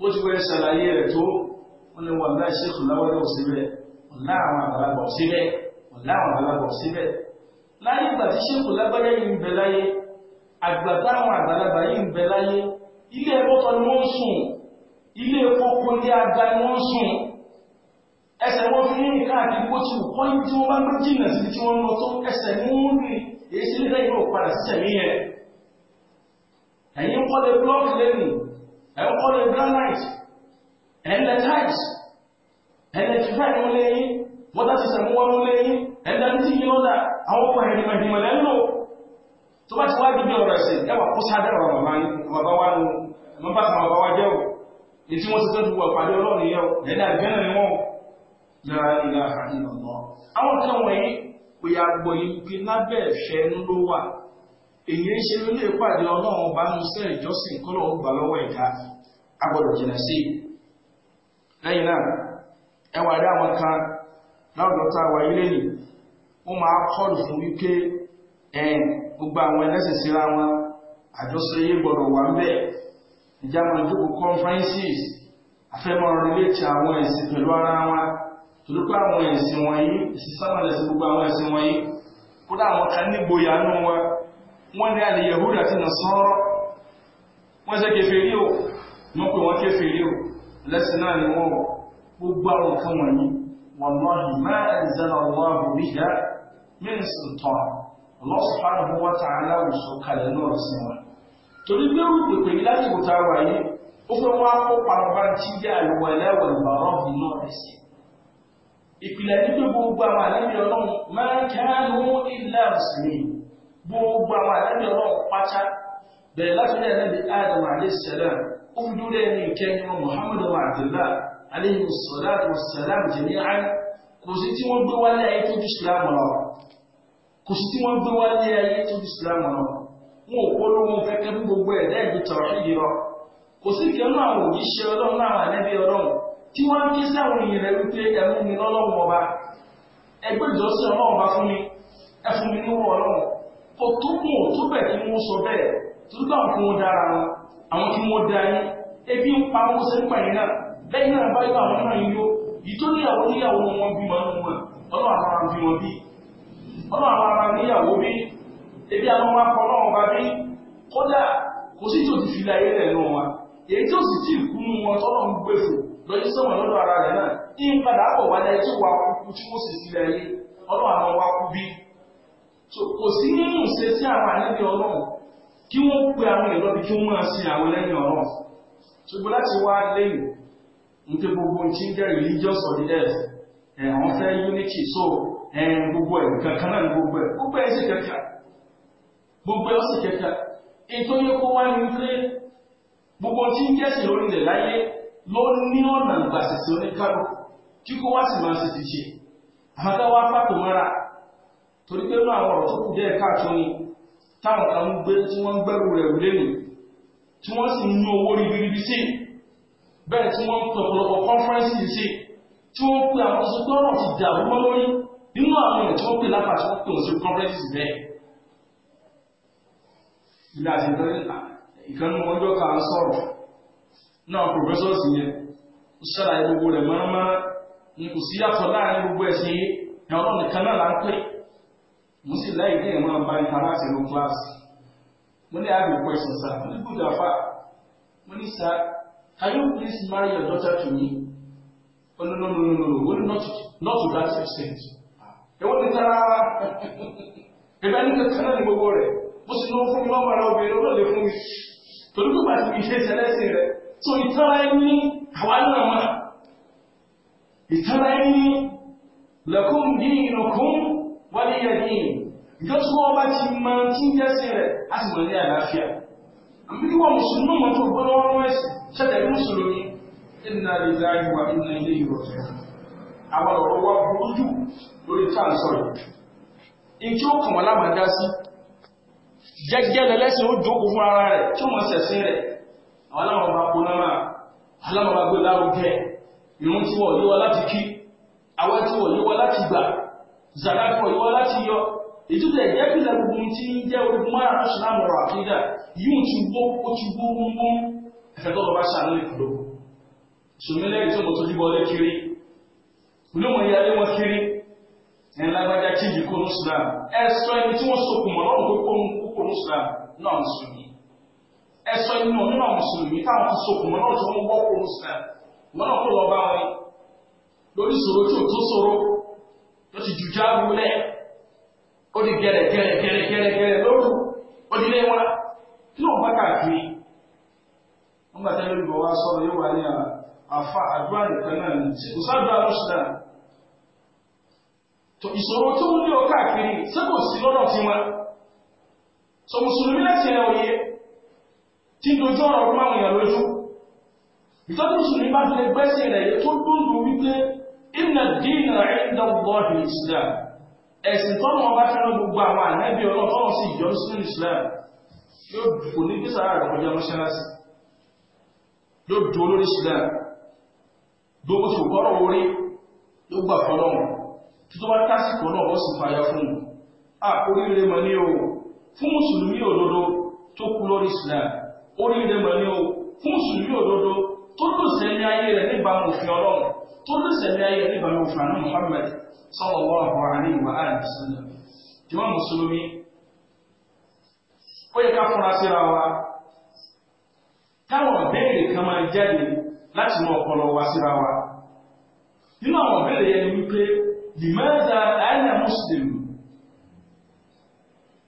bó ti wẹ́ ṣàlàyé rẹ̀ tó wọn ni wà láì ṣe kùláwọ́lẹ́ òsì bẹ́ẹ̀ láwọn àgbàlagbọ̀ síbẹ̀ láwọn àgbàlagbọ̀ síbẹ̀ láyé ìgbà tí ṣékù lágbáyé yìí ń bẹ láyé àgbà táwọn àgbàlagbà yìí ń bẹ láyé ilé ẹ̀kọ́ kan ni wọ́n ń sùn ilé epo kó ní aga ni wọ́n ń sùn ẹsẹ̀ wọn fi ní káàkiri bó ti wù kọ́yí tí wọ́n bá gbé jìnnà sí tí wọ́n lọ tó ẹsẹ̀ ní wọ́n rí èyí sí lẹ́yìn náà sí ẹ̀mí yẹn ẹ̀yin kọ́lé blọ́ọ̀kì lẹ́nu ẹ̀yin kọ́lé granite ẹ̀yin lẹ́ tiles electrify wọn lẹ́yìn water system wọn ló lẹ́yìn ẹ̀dẹ́gbẹ́sì yìí lọ́dà àwọn ọmọ ẹ̀dìmọ̀ ìdìmọ̀ lẹ́nu tó bá ti wá gbígbé ọ̀rọ̀ ẹ̀sìn ẹwà kó sáré ọ̀rọ̀ bàbá wa nù mọ́ bá sàn bàbá wa jẹ́ o ètí wọ́n ti tọ́jú wọ pàdé ọlọ́run yẹ o ẹ̀dá ìgbẹ́nà ni wọ́n la ilaha illallah àwọn kan wọ̀nyí kò yà gbọ́ yìí pé lábẹ́ ẹ̀fẹ́ ń ló wà èyí ń ṣe lórí ìpàdé ọlọ́run bá ń sẹ́ ìjọsìn kọ́lọ́run gbà lọ́wọ́ ẹ̀ka agbọ́dọ̀ jìnà sí i lẹ́yìn náà ẹwà rí àwọn kan láwùjọta wà ilé nì ó máa kọlù fún wípé ẹ̀yìn gbogbo àwọn ẹlẹ́sìn síra wọn àjọṣe yé gbọdọ̀ wà ń bẹ̀ ìjámọ̀ ìjókòó conferences afẹ́mọ̀ relate àwọn ẹ̀sìn pẹ̀lú ara wọn torí pé àwọn ẹ̀sìn wọ̀nyí ìsísámọ̀lẹ̀ sí gbogbo àwọn ẹ̀sìn wọ̀nyí kódà àwọn kan nígboyà nù wọn wọ́n ní àlè Yahuda àti Nasara wọ́n ṣe kèfèrí o wọ́n pè wọ́n kèfèrí o lẹ́sìn náà ni wọ́n wọ̀ gbogbo àwọn nǹkan wọ̀nyí wallahi ma anzala Allahu biha min sultan Allah subhanahu wa ta'ala sọ kalẹ̀ náà sí wọn torí pé ó pèpè yí láti kò táwà yìí ó fẹ́ wá kó parọ́bá tí jẹ́ àlùwà ẹlẹ́wà ìbàrọ̀ nínú ẹ̀sìn ìpìlẹ̀ ní pé gbogbo àwọn àlẹ́bí ọlọ́run máa ń kánú ilẹ̀ ọ̀sìn gbogbo àwọn àlẹ́bí ọlọ́run pátá bẹ̀rẹ̀ láti ní ẹ̀lẹ́bí Adam alayhi salam ó fi dúró ẹni ìkẹyìn Muhammad abdullah alayhi salatu wassalam jami'an kò sí tí wọ́n gbé wálé ayé tó ju islam lọ kò sí tí wọ́n gbé wálé ayé tó ju islam lọ wọn ò polówó kẹ́kẹ́ fún gbogbo ẹ̀dá ìlú tàwáhìdì lọ kò sí kẹ́nu àwọn òjíṣẹ́ ọlọ́run náà ànẹ́bí ọlọ́run tí wọ́n ń ké sáwọn èèyàn rẹ̀ wípé ẹ̀mú mi lọ́lọ́run ọba ẹgbẹ́ ìjọsìn ọlọ́run bá fún mi ẹ fún mi níwọ̀ ọlọ́run kò tó kún ò tó bẹ̀ kí wọ́n sọ bẹ́ẹ̀ tó dáhùn kí wọ́n dára wọn àwọn kí wọ́n dá yín ebi ń pa wọ́n sẹ́ńpà yín náà lẹ́yìn náà bá yípa àwọn náà yíyó ìtó níyàwó níyàwó wọn bí máa ń wọn ọlọ́ àwọn ara bí wọn bí ọlọ́ àwọn ara níyàwó bí ebi àwọn ọmọ akọ náà bá bí kódà kò sí tòtí fi láyé rẹ̀ nù wọn èyí tí ó sì tí ìkú nù wọn tọ́lọ̀ ń gbé fò lọ́jọ́ sọ́wọ́n lọ́dọ̀ ara rẹ̀ náà ní padà bọ̀ wá láyé tí wà kú tí wọ́n sì sí láyé ọlọ́ àwọn wa kú bí kò sí nínú ìṣe tí àwọn àníbi ọlọ́run kí wọ́n pe àwọn ìlọ́bi kí wọ́n máa sin àwọn lẹ́yìn ọlọ́run ṣùgbọ́n láti wá lẹ́yìn nítorí gbogbo tí ń jẹ́ religious of the earth àwọn fẹ́ unity so gbogbo ẹ̀ kankan náà gbogbo ẹ̀ gbogbo ẹ̀ sì kẹta gbogbo ẹ̀ sì kẹta ètò yẹ kó wá ní pé gbogbo tí ń jẹ́sìn lórílẹ̀ láyé ló ní ọ̀nà ìgbàsẹ̀sẹ̀ oníkálù tí kò wá sì máa ṣe ti ṣe àmọ́ká wá pàtó mọ́ra torí pé náà àwọn ọ̀rọ̀ tó kù díẹ̀ káàtó ni táwọn kan ń gbé tí wọ́n ń gbẹ́rù rẹ̀ lẹ́nu tí wọ́n sì ń ní owó ribiribi sí i bẹ́ẹ̀ tí wọ́n ń pè ọ̀pọ̀lọpọ̀ kọ́nfẹ́rẹ́nsì yìí ṣe tí wọ́n pe àwọn sọ pé ọ̀rọ̀ ti dà wọ́n lórí nínú àwọn èèyàn tí wọ́n pè lápá tí wọ́n pè wọ́n sí kọ́nfẹ́rẹ́nsì bẹ́ẹ̀. ilé àti ìkànnì wọn jọ kà ń sọ̀rọ̀ náà professors yẹn ó ṣàlàyé gbogbo rẹ̀ mọ́nàmọ́ná ní kò sí yàtọ̀ láàrin gbogbo ẹ̀sìn yìí ní ọlọ́run nìkan náà là ń pè mo sì láì dé ìmọ̀ àbá ní aláṣẹ ló kíláàsì mo ní àbí question Can you please marry your daughter to me? Oh, no, no, no, no, no, no, not, not to that extent. Ah. Èwo ti tara wa? Ìgbà ní kankan náà ni gbogbo rẹ̀. Mo sì lọ fún mi máa mara obìnrin olóòlè fún mi. Torí pé pàtó kì í ṣe ìṣẹ̀lẹ̀sìn rẹ̀. So ìtara ẹni àwa náà mà. Ìtara ẹni lakum dinukum waliya din. Ìjọ́sọ́ ọba ti máa ń tí ń jẹ́sìn rẹ̀, a sì mọ̀ ní àlàáfíà àbí wọ́n mùsùlùmí mọ̀ tó gbọ́dọ̀ wọn wọ́n ẹ̀sìn ṣẹlẹ̀ mùsùlùmí ìnà ìdáyé wa ìnà ilé ìrọ̀fẹ́ àwọn ọ̀rọ̀ wa burú jù lórí táǹsọ̀ yìí in tí ó kàn wọ́n lábàdá sí jẹ́jẹ́ lẹ́lẹ́sìn ó jókòó fún ara rẹ̀ tí ó mọ̀ sẹ̀sìn rẹ̀ àwọn aláwọ̀ bá kó náà aláwọ̀ bá gbé lárugẹ ìrún tí wọ́n yíwọ́ láti kí àwọn tí wọ́n yíwọ́ láti gbà zakat wọ́n láti yọ ìtútù ẹ̀jẹ̀ pìlẹ̀ gbogbo tí ń jẹ́ ogun mara tó ṣe láàmú ọ̀rọ̀ àkídà yóò ti wó ó ti wó wúwú ẹ̀fẹ̀ tó lọ ṣàánú ìkúlò ṣòmílẹ̀ ìtọ́ mọ̀ tó rí bọ́lé kiri olómọ ìyá lé wọn kiri ẹ̀ń lágbájá tí ìdí kó nùsùlám ẹ̀sọ́ ẹni tí wọ́n sokùn mọ́ lọ́rùn tó kó nùsùlám náà mùsùlùmí ẹ̀sọ́ ẹni náà nínú mùsùlùmí táwọn ti sokùn mọ́ lọ́rùn tó wọ́n wọ́ kó nùsùlám wọn náà kó lọ bá wọn lórí sòro tí ò ó di gẹ̀rẹ̀ gẹ̀rẹ̀ gẹ̀rẹ̀ gẹ̀rẹ̀ gẹ̀rẹ̀ lóru ó di lé wa tí ló bá káàkiri wọn gbà tẹ́lẹ̀ olùbọ̀ wa sọ̀rọ̀ yóò wà ní àfa àdúrà nìkan náà ní sí kò ló sùdà tó ìṣòro tó ń lé ọ káàkiri ṣé kò sí lọ́nà tiwọn sọ mùsùlùmí láti ẹ̀ òye tí ń dojú ọ̀rọ̀ fún àwọn èèyàn lójú ìtọ́jú mùsùlùmí bá ti lè gbẹ́sẹ̀ rẹ̀ tó dúndùn wípé inna ad-dina 'inda Allahi al-Islam ẹ̀sìn tọ́nà ọba fẹ́ràn gbogbo àwọn ànábì ọlọ́run tọ́nà sí ìjọ sínú Islam yóò kò ní bí sàrà rẹ̀ kọjá mọ́ṣáláṣí yóò dùn olórí Islam gbogbo ṣùgbọ́rọ̀ orí yóò gbà fọlọ́run tó bá tásìkò náà ó sì fàyà fún un à oríire mọ̀ ní o fún mùsùlùmí òdodo tó kú lórí Islam oríire mọ̀ ní o fún mùsùlùmí òdodo tó lù sẹ́mi ayé rẹ̀ níbàámu òfin ọlọ́run tó lù sẹ́mi ayé rẹ̀ níbàámu òfin àná Muhammad sallallahu alaihi wa alihi wasallam jùmọ́ mùsùlùmí ó yẹ ká fúnra síra wa káwọn béèrè kan máa jáde láti mọ ọpọlọ wa síra wa nínú àwọn béèrè yẹn ni wípé limaza ana muslim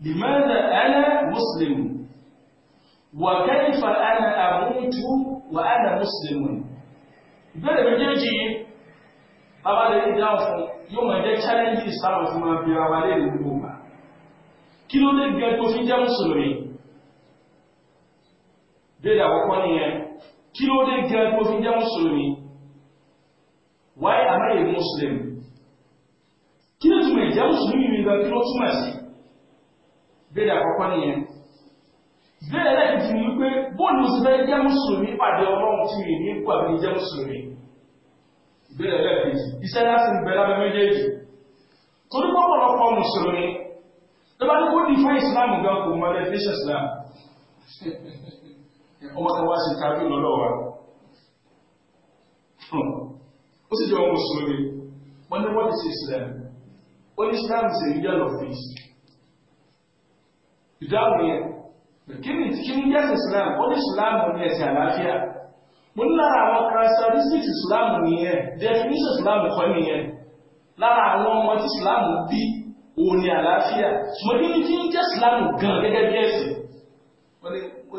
limaza ana muslim wa kaifa ana amutu wà á dà mùsùlùmù ìbéèrè méjèèjì bàbá lè ní dáhùn fún yóò máa jẹ́ challenge ìsáàmù fún máa bí ara lè ní gbogbo wa kí ló dé gan tó fi jẹ́ mùsùlùmí béèrè àkọ́kọ́ nìyẹn kí ló dé gan tó fi jẹ́ mùsùlùmí why am I a Muslim kí ló túmọ̀ ìjẹ́ mùsùlùmí mi gan kí ló túmọ̀ sí béèrè àkọ́kọ́ nìyẹn ìbéèrè lẹ́yìn ti wípé bóòlù sí fẹ́ jẹ́ mùsùlùmí pàdé ọlọ́run tí rè ní ikú àbí jẹ́ mùsùlùmí ìbéèrè lẹ́yìn iṣẹ́ láti ń bẹ lábẹ́ méjèèjì torí pọ́pọ̀lọpọ̀ mùsùlùmí tó bá ní kó ní fún ìsìlámù gan kò mọ ẹ fẹ́ṣẹ̀ islam ọmọ kan wá sí kábí lọ́dọ̀ wa ó sì jẹ́ ọmọ mùsùlùmí wọ́n ní wọ́n ti ṣe islam ó ní islam ṣe real of peace ìdáhùn yẹn kí ni kí ni jẹ́ islam ó ní islam ní ẹ̀sìn àlàáfíà mo ní lára àwọn characteristics islam nìyẹn definition islam kọ́ nìyẹn lára àwọn ọmọ tí islam bí òun ní àlàáfíà mo kí ni kí ni jẹ́ islam gan gẹ́gẹ́ bí ẹ̀sìn wọ́n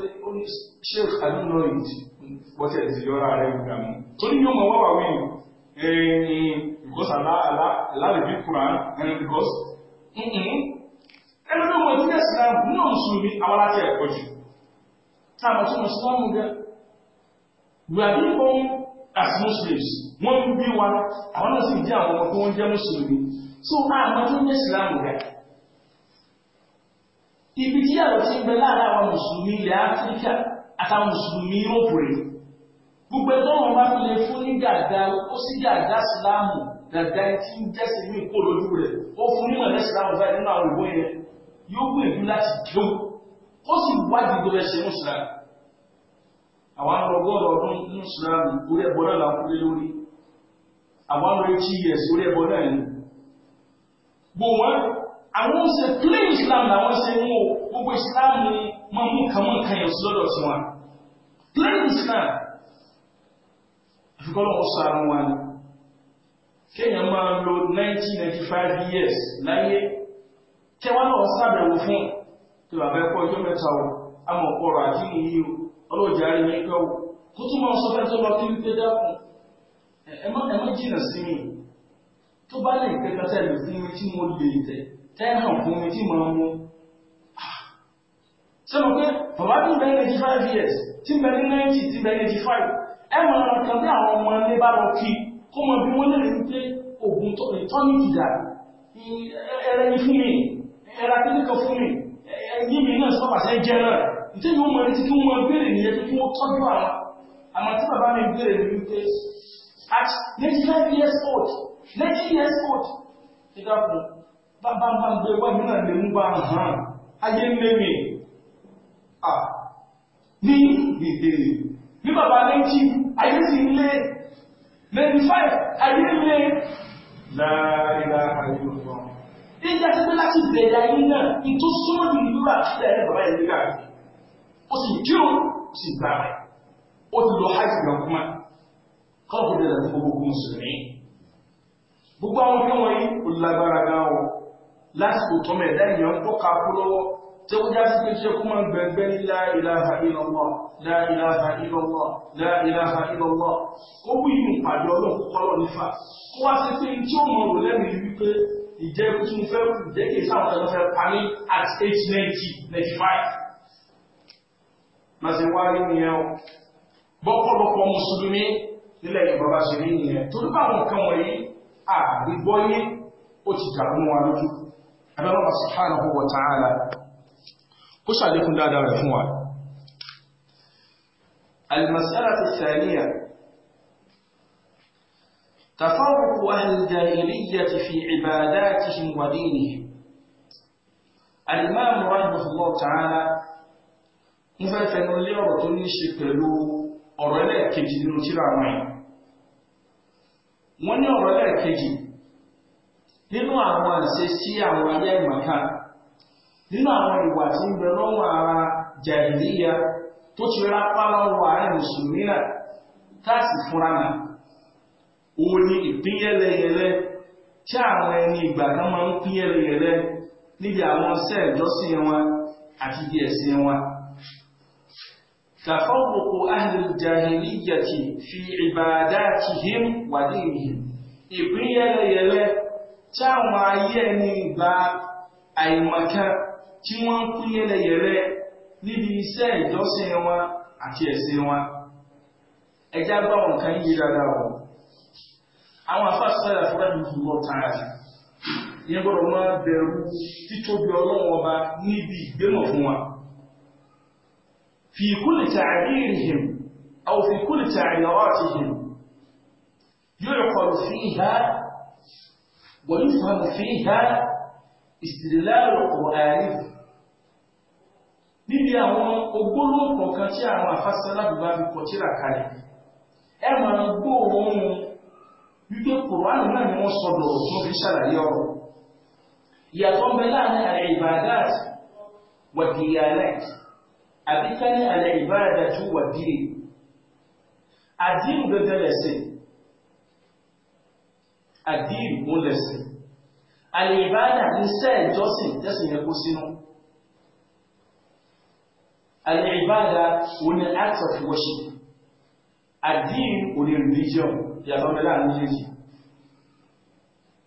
ní ó ní sheikh adúlọ́ yìí What is sí yọra rẹ̀ gbà mú torí yóò mọ̀ wọ́n wà wí ẹ̀ẹ́n because alá alá alá lè bí Quran and because. Mm-hmm, ẹni tó wọ ìdílé ìsìlámù náà mùsùlùmí àwọn aláṣẹ ẹ̀kọ́ jù táàmù tí mùsùlùmí gẹ we are being born as muslims so àmọ́ tó ń jẹ́ ìsìlámù gẹ ibi tí yàrá ti ń bẹ láàárín àwọn mùsùlùmí ilẹ̀ áfíríkà àtàwọn mùsùlùmí yóò gbogbo ẹgbẹ́ wọn bá fi lè fún ní gàdá ó sì gàdá sílámù gàdá tí ń jẹ́sìn ní ìkó lójú rẹ̀ ó fún ní sílámù báyìí nínú àwọn ìwé yẹn yóò gbìyànjú láti jẹun ó sì wádìí gbọ́dọ̀ ṣe ń sira àwọn ọgọ́rọ̀ ọdún ń sira orí ẹbọ náà làkúlé lórí àwọn ọmọ eighty years orí ẹbọ náà ni gbò wọn àwọn ṣe plain Islam làwọn ṣe mú o gbogbo Islam ni máa mú kàmọ́ǹkà yẹn sí sí wọn plain Islam àfikọ́ lọ́wọ́ sọ àwọn wa ni kéèyàn máa lo nineteen ninety five years láyé kí wọ́n náà sábẹ̀wò fún tí wà bẹ́ kọ́ ọjọ́ mẹ́ta o a mọ̀ ọ̀rọ̀ àti nìyí o ọlọ́jà rí ní pẹ́ o kó tún máa sọ fẹ́ tó lọ kí n pé dákun ẹ má jìnà sí mi tó bá lè pé kẹta ẹ̀lú fún mi tí mo lè tẹ tẹ́hàn fún mi tí máa mú sẹ́nu pé bàbá tí ń bẹ ní 85 years tí ń bẹ ní 90 tí ń bẹ ní 85 ẹ mọ̀ ọ̀rọ̀ kan bí àwọn ọmọ ilé bá lọ kí kó mọ bí wọ́n lè rí pé oògùn tọ́nìkì dà ẹrẹ́ni fún mi ẹra tí ní kan fún mi ẹgbẹ́ mi náà sọ́pàṣẹ jẹ́ náà nítorí wọ́n mọ̀ ní ti kí wọ́n béèrè nìyẹn tó kí wọ́n tọ́jú àwọn àmọ́ tí bàbá mi béèrè ní wípé at ninety five years old ninety years old ti dàpọ̀ bàbá bá ń gbé wáyé náà lè ń bá hàn ayé ń lé mi à ní ìbéèrè ní bàbá ninety ayé sì ń lé ninety five ayé ń lé láàrin àyè òfò ní ìjà tí pé láti bẹ̀rẹ̀ ayé náà ní tó súnmọ́ ní ìlú àtúntà ẹ̀rẹ́ bàbá ìlú rà ó sì kí ó sì gbà rẹ̀ ó ti lọ hajj lọ kúmà kọ́ọ̀kì dẹ̀rẹ̀ fún gbogbo mùsùlùmí gbogbo àwọn kí wọ́n yí olágbára gan o lásìkò tọ́mọ̀ ẹ̀dá ènìyàn tó ka kú lọ́wọ́ tí ó já sí pé ṣe kúmọ̀ gbẹgbẹ́ ní la ilaha illallah la ilaha illallah la ilaha illallah ó wí ìpàdé ọlọ́run kọ́lọ́ nífà ó wá sí pé tí ó mọ̀ rò lẹ́nu ìjẹ́ ikú tí mo fẹ́ kú ìjẹ́ kí ìsáwọn ọ̀tọ̀ fẹ́ pa mí at age ninety ninety five. Màá ṣe wá rí nìyẹn o. Bọ́pọ̀lọpọ̀ Mùsùlùmí nílẹ̀ Yorùbá bá ṣe rí nìyẹn. Torí báwọn nǹkan wọ̀nyí àgbégbọ́ yé ó ti dàrú wa lójú. Abẹ́rẹ́ wa subhanahu wa ta'ala. Kó ṣàlékún dáadáa rẹ̀ fún wa. Al-mas'alatu تفرق أهل الجاهلية في عباداتهم ودينهم الإمام رحمه الله تعالى مفافن لي أرتني شكلو أرلا كجي نترى معي wọ́n ní ọ̀rọ̀ lẹ́ẹ̀kejì nínú àwọn àṣeṣí àwọn ayé ìmọ̀ká nínú àwọn ìwà tí ń ó ní ìpín yẹ́lẹyẹ̀lẹ tí àwọn ẹni ìgbà kan máa ń pín yẹ́lẹyẹ̀lẹ níbi àwọn iṣẹ́ ìjọsìn àti ibi ẹ̀sìn wọn. تفوق أهل الجاهلية في عباداتهم ودينهم ìpín ndị tí àwọn ayé ẹni ìgbà àìmọ̀kan tí wọ́n ń níbi àti ẹjá yí dáadáa àwọn afáàsílẹ̀ àfúrẹ́ mi kù lọ tààrà ìyẹn gbọ́dọ̀ máa bẹ̀rù títóbi ọlọ́run ọba níbi fún wa fi kulli ta'birihim aw fi ha. ta'yiratihim yu'qal fiha wa yufham fiha istidlal al níbi àwọn ogólóòpọ̀ kan tí àwọn afáàsílẹ̀ àbúgbà fi kọ̀ tíra kalẹ̀ máa wípé kùránù náà ni wọ́n sọ lọ́rọ̀ tó fi ṣàlàyé ọ̀rọ̀ ìyàtọ̀ ń bẹ láàrin àlẹ́ ìbàdàt wà diyanat àbí ká ní àlẹ́ ìbàdàt wà dìrì àdín gẹ́gẹ́ lẹ́sìn àdín mú lẹ́sìn àlẹ́ ìbàdà ní sẹ́ẹ̀ jọ́sìn tẹ́sìn yẹn kó sínú àlẹ́ ìbàdà òní act of worship àdín òní religion ìyàtọ̀ mẹ́lá ní jésì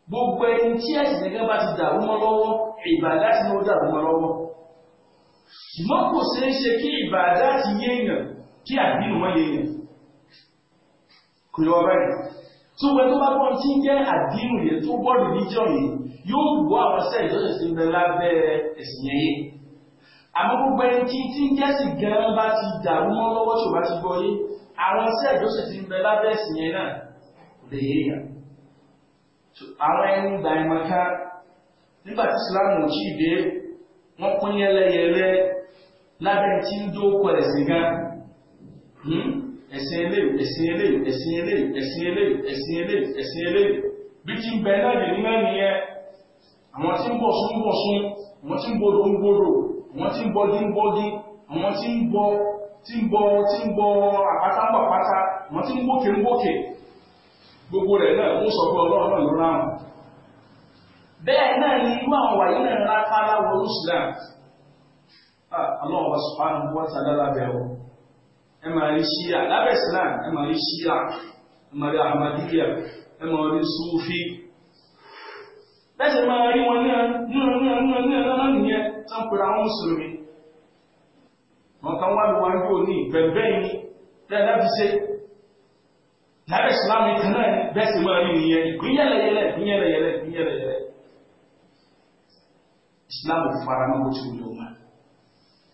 gbogbo ẹni tí ẹ̀sìn gẹ́gẹ́ bá ti dàrú mọ́ lọ́wọ́ ìbàdá ti ló dàrú mọ́ lọ́wọ́ ṣùgbọ́n kò ṣeé ṣe kí ìbàdá ti yéèyàn kí àdínú wọ́n yéèyàn kò yọ báyìí tó wẹ tó bá gbọ́ tí ń jẹ́ àdínú yẹn tó gbọ́dọ̀ níjọ́ yìí yóò gbọ́ àwọn ṣẹ́ ìjọsìn sí ń bẹ lábẹ́ ẹ̀sìn yẹn àmọ́ gbogbo ẹni tí tí ń jẹ́ sì gan bá ti dàrú mọ́ lọ́wọ́ tó ti gbọ́ yé àwọn ṣẹ́ ìjọsìn sí ń bẹ lábẹ́ ẹ̀sìn yẹn náà behavior àwọn ẹni gbà ẹ̀mọ̀ ká nígbà tí Islam ò tí ì dé wọ́n kún yẹlẹyẹlẹ lábẹ́ tí ń dókò ẹ̀sìn gan ẹ̀sìn eléyìí ẹ̀sìn eléyìí ẹ̀sìn eléyìí ẹ̀sìn eléyìí ẹ̀sìn ti ń bẹ náà lè níná nìyẹn àwọn tí ń bọ̀ sún sún àwọn ń ń bọ ń bọ ń bọ àpáta ń bọ àpáta àwọn gbogbo rẹ̀ náà ó sọ pé ọlọ́run náà ló ráhùn. bẹ́ẹ̀ náà ni irú àwọn wàyí náà ńlá pálá wọ Islam Allah subhanahu wa ta'ala lábẹ́ ọ ẹ máa rí ṣíà lábẹ́ Islam ẹ máa rí ṣíà ẹ máa rí ahmadiyya ẹ máa rí sufi lẹ́sẹ̀ máa rí wọn ní ọ̀nà nìyẹn tó ń pèrè àwọn mùsùlùmí wọn kan wá lọ́wọ́ ní ìgbẹ̀gbẹ́ yìí lẹ́ẹ̀dá fi ṣe lára ìsìlámù kan náà bẹ́ẹ̀ sì máa rí nìyẹn ìgbìyànlẹ̀yẹlẹ ìgbìyànlẹ̀yẹlẹ ìgbìyànlẹ̀yẹlẹ ìsìlámù fara mọ́ bó ti wù lọ́wọ́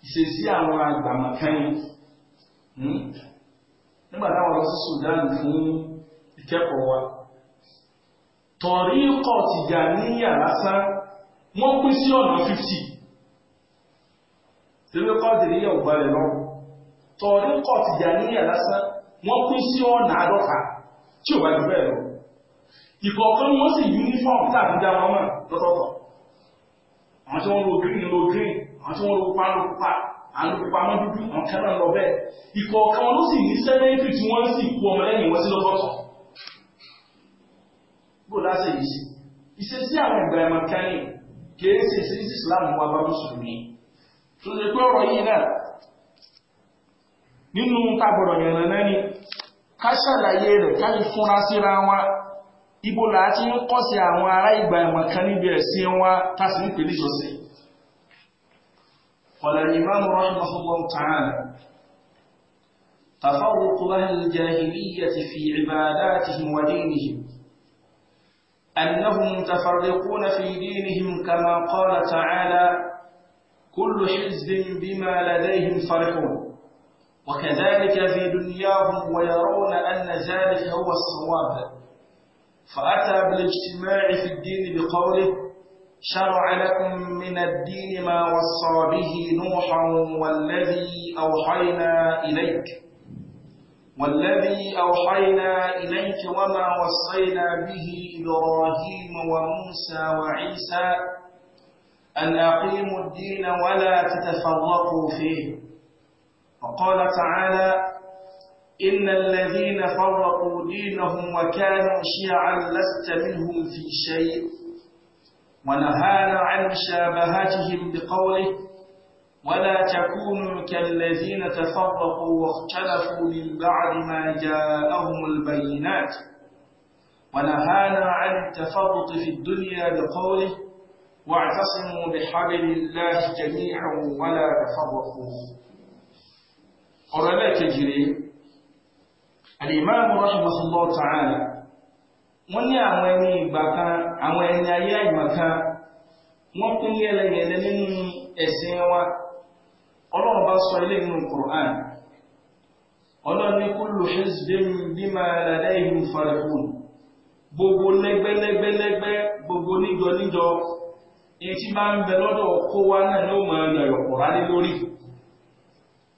ìṣesí àwọn àgbàmọ̀ kan ni hmm? nígbà táwọn lọ Sudan fún ìkẹ́kọ̀ọ́ wa tọ̀ríkọ̀ Tìjàníyà lásán wọ́n pín sí ọ̀nà 50 tẹ̀lé balẹ̀ wọ́n pín sí ọ̀nà àádọ́ta tí ò bá jù bẹ́ẹ̀ lọ ìkọ̀ọ̀kan wọ́n sì uniform tàbí dá wọn mọ̀ lọ́tọ̀ọ̀tọ̀ àwọn tí wọ́n lo green lo green àwọn tí wọ́n lo pupa lo pupa àwọn pupa mọ́ dúdú àwọn kan náà lọ bẹ́ẹ̀ ìkọ̀ọ̀kan wọn ló sì ní sẹ́lẹ̀ntì tí wọ́n sì kú ọmọlẹ́yìn wọn sí lọ́tọ̀ọ̀tọ̀ bó láṣẹ yìí sí ìṣesí àwọn ìgbà ẹ̀mọ̀ kan kìí ṣe sí Islam wa bá mùsùlùmí tó ọ̀rọ̀ yìí náà nínú tá a gbọ́dọ̀ ká ṣàlàyé rẹ̀ ká fúnra síra wa ibo là á ti ń kọ́ sí àwọn ará ìgbà ìmọ̀ kan níbi ẹ̀sìn wọn tá sì ń pèlè ìjọsìn. قال الإمام رحمه الله تعالى تفوق أهل الجاهلية في عباداتهم ودينهم أنهم متفرقون في دينهم كما قال تعالى كل حزب بما لديهم فرحون وكذلك في دنياهم ويرون أن ذلك هو الصواب فأتى بالاجتماع في الدين بقوله شرع لكم من الدين ما وصى به نوحا والذي أوحينا إليك والذي أوحينا إليك وما وصينا به إبراهيم وموسى وعيسى أن أقيموا الدين ولا تتفرقوا فيه وقال تعالى إن الذين فرقوا دينهم وكانوا شيعا لست منهم في شيء ونهانا عن مشابهاتهم بقوله ولا تكونوا كالذين تفرقوا واختلفوا من بعد ما جاءهم البينات ونهانا عن التفرط في الدنيا بقوله واعتصموا بحبل الله جميعا ولا تفرقوا ọ̀rọ̀ ẹlẹ́ẹ̀kejì jiri alìmáàmù rahimahullah ta'ala wọ́n ní àwọn ẹni ìgbà àwọn ẹni ayé àgbà wọn wọ́n ní yẹlẹyẹlẹ nínú ẹ̀sìn wa ọlọ́run bá sọ ilé nínú Qur'an ní gbogbo gbogbo níjọ níjọ ń bẹ kó wa náà ní ó máa lórí.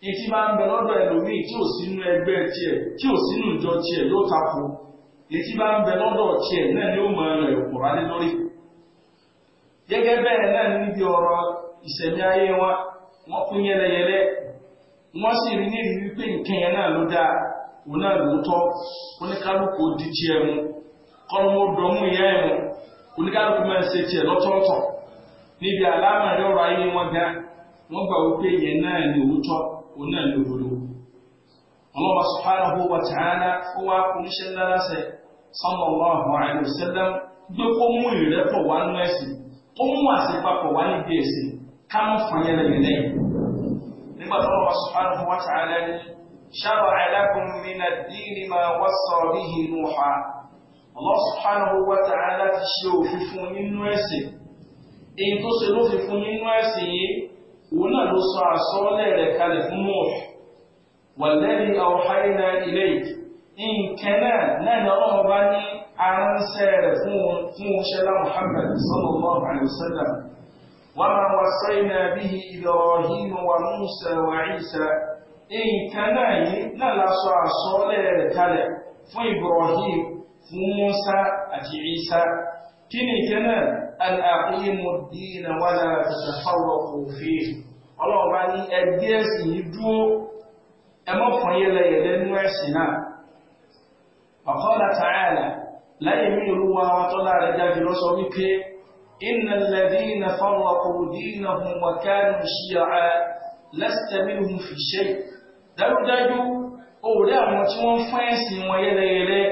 ìtì máa ń bẹ lọ́dọ̀ ẹlòmíì tí ò sínú ẹgbẹ́ tiẹ̀ tí ò sínú ìjọ tiẹ̀ yóò tako ìtì máa ń bẹ lọ́dọ̀ tiẹ̀ náà ni ó mọ ẹ̀rọ ìkùnrán lé lórí. gẹ́gẹ́ bẹ́ẹ̀ náà níbi ọ̀rọ̀ ìṣẹ̀mí ayé wa wọ́n kún yẹlẹyẹlẹ wọ́n sì rí ní pé nǹkan yẹn náà ló dáa òun náà ló tọ́ oníkálukú di tiẹ̀ mu ìyá ẹ̀ mu oníkálukú máa ń ṣe òun náà ní òdodo Allah subhanahu wa ta'ala ó wá oníṣẹ́ ńlá lásẹ̀ sallallahu alaihi wasallam gbé kó mú ìrẹ́pọ̀ wá nú ẹ̀sìn ó mú àṣepapọ̀ wá níbi ẹ̀sìn ká mú fàyẹ́ lẹ́yìn lẹ́yìn nígbà tó Allah subhanahu wa ta'ala ní شرع لكم من الدين ما وصى به نوحا Allah subhanahu wa ta'ala ti ṣe òfin fún nínú ẹ̀sìn èyí òun náà ló sọ àsọọ́lẹ̀ rẹ̀ kalẹ̀ fún mọ́ọ̀f wàlẹ́bí àwòháyínà ilé nǹkan náà náà ni ọlọ́run bá ní aránṣẹ́ rẹ̀ fún wọn ṣẹlá muhammad sallallahu alayhi wa sallam wọn máa wá sẹ́yìn bí ibrahim wa musa wa isa nǹkan náà yìí náà la sọ àsọọ́lẹ̀ rẹ̀ kalẹ̀ fún ibrahim fún musa àti isa kí ni nǹkan náà أن أقيموا الدين ولا تتفرقوا فيه ọlọ́run bá ní ẹgbẹ́ ẹ̀sìn yìí dúró ẹmọ́fàn yẹlẹyẹlẹ nínú ẹ̀sìn náà ọ̀kọ́lá tààlà láyé mí olúwa wa tó lára jáde lọ́sọ wípé iná lẹ́dí iná fáwọn ọkùnrin iná hun wákàánù sí ara lẹ́sítẹ́mí hun fi ṣe dájúdájú òwúrẹ́ àwọn tí wọ́n fún ẹ̀sìn wọn yẹlẹyẹlẹ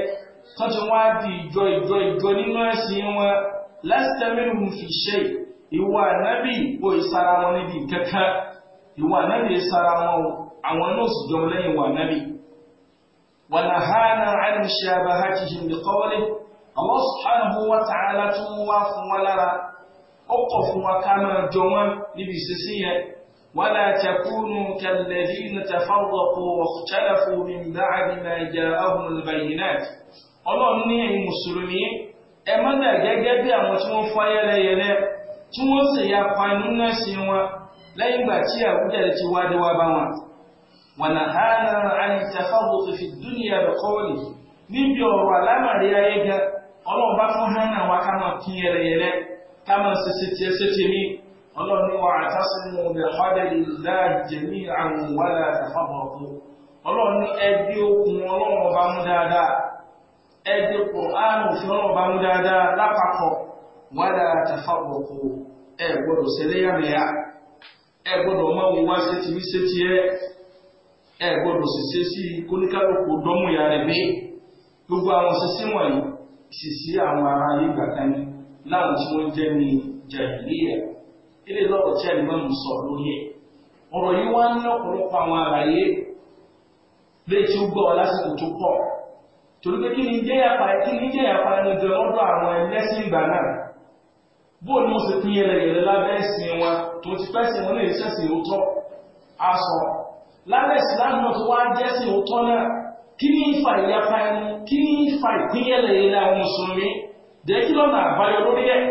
tó ti wá di ìjọ ìjọ ìjọ nínú ẹ̀sìn wọn lẹ́sẹ̀ mẹ́rin fi ṣe ìwà ànábì ìbò ìsara wọn níbi kankan ìwà ànábì ìsara wọn àwọn náà sì jọ lẹ́yìn ìwà ànábì. wọn náà ha náà àìní ṣe abáhá ti ní kọ́wọ́lé Allah subhanahu wa ta'ala tún wá fún wa lára ó kọ̀ fún wa ká máa jọ wọn níbi ìṣesí yẹn. ولا تكونوا كالذين تفرقوا واختلفوا من بعد ما جاءهم البينات ọlọ́run ní ẹ̀yin mùsùlùmí ẹ má dà gẹ́gẹ́ bí àwọn tí wọ́n fọ́ ayẹlẹyẹlẹ tí wọ́n sì ya pa inú náà sí wọn lẹ́yìn ìgbà tí àwùjáde ti wá dé wá bá wọn. wọn nà ha náà àìsàfàwò fìfì dúnìyà rẹ kọ́ọ̀lì níbi ọ̀rọ̀ alámàrí ayé gan fún hàn náà wá ká máa pín yẹlẹyẹlẹ ká máa ṣe ṣe tiẹ̀ ṣe tèmi ọlọ́run ní wàá tásìmù rẹ̀ hádẹ́lì láàjẹ̀mí àwọn wàlá àtàfàbọ̀ ọ̀tún ọlọ́run ní ẹbí okùn ọlọ́run ẹgbẹ́ pọ̀ ààrùn fi ọlọ́run bá mú dáadáa lápapọ̀ wọ́n dára tàfàbọ̀ kò ẹ gbọ́dọ̀ ṣẹlẹ́yàmẹ̀yà ẹ gbọ́dọ̀ máa wọ́n wá sétí wí sétí ẹ ẹ gbọ́dọ̀ ṣiṣẹ́ sí kóníkálùkù dọ́mú ìyá rẹ̀ bí gbogbo àwọn ṣiṣẹ́ wọ̀nyí ṣiṣẹ́ àwọn ará ayé ìgbà kan láwọn tí wọ́n jẹ́ ní jàìlíyà ilé lọ́rọ̀ tí àlùmọ́ọ̀mù sọ lórí ọ̀rọ̀ yìí wá ní ọ̀pọ̀lọpọ̀ àwọn àlàyé létí ó gbọ́ lásìkò tó pọ̀ torí pé kí ni jẹ́ yàpá ẹ kí ni jẹ́ yàpá ẹnu jẹ lọ́dọ̀ àwọn ẹlẹ́sìn ìgbà náà bóò ni mo sì pín yẹlẹyẹlẹ lábẹ́ ẹ̀sìn wọn tó ti fẹ́ sìn wọn lè ṣẹ̀sìn òótọ́ aṣọ lábẹ́ ìsìláàmù náà tó wá jẹ́ sìn òótọ́ náà kí ni ìfà ìyapa ẹnu kí ni ìfà ìpín yẹlẹyẹlẹ àwọn mùsùlùmí jẹ́ kí lọ́nà àbáyọ lórí ẹ̀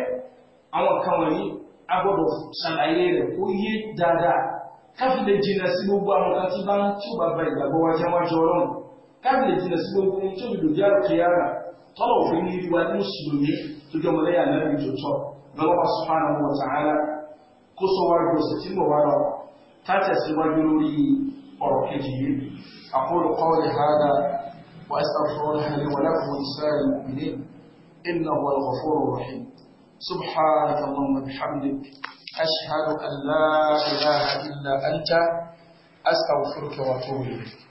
àwọn kan wọ̀nyí a gbọ́dọ̀ ṣàlàyé rẹ̀ kó yé dáadáa káfíńdé jìnnà sí gbogbo àwọn kan tí bá ń tí bá ba ìgbàgbọ́ wájú wájú ọlọ́run káàbìlì jìnà sí gbogbo ohun tó dùdù bí àkíyàrá tọ́lọ̀ òfin ní ìwà ní mùsùlùmí tó jẹ́ ọmọlẹ́yà lẹ́yìn ìjọ́tọ́ lọ́wọ́ subhanahu wa ta'ala kó sọ wá gbọ́ sí tí mo wá lọ tájà síwájú lórí ọ̀rọ̀ kejì yìí aqulu qawli hadha wa astaghfirullaha li wa lakum wa lisa'il mu'minin innahu huwal ghafurur rahim subhanaka allahumma bihamdik ashhadu an la ilaha illa anta astaghfiruka wa atubu ilayk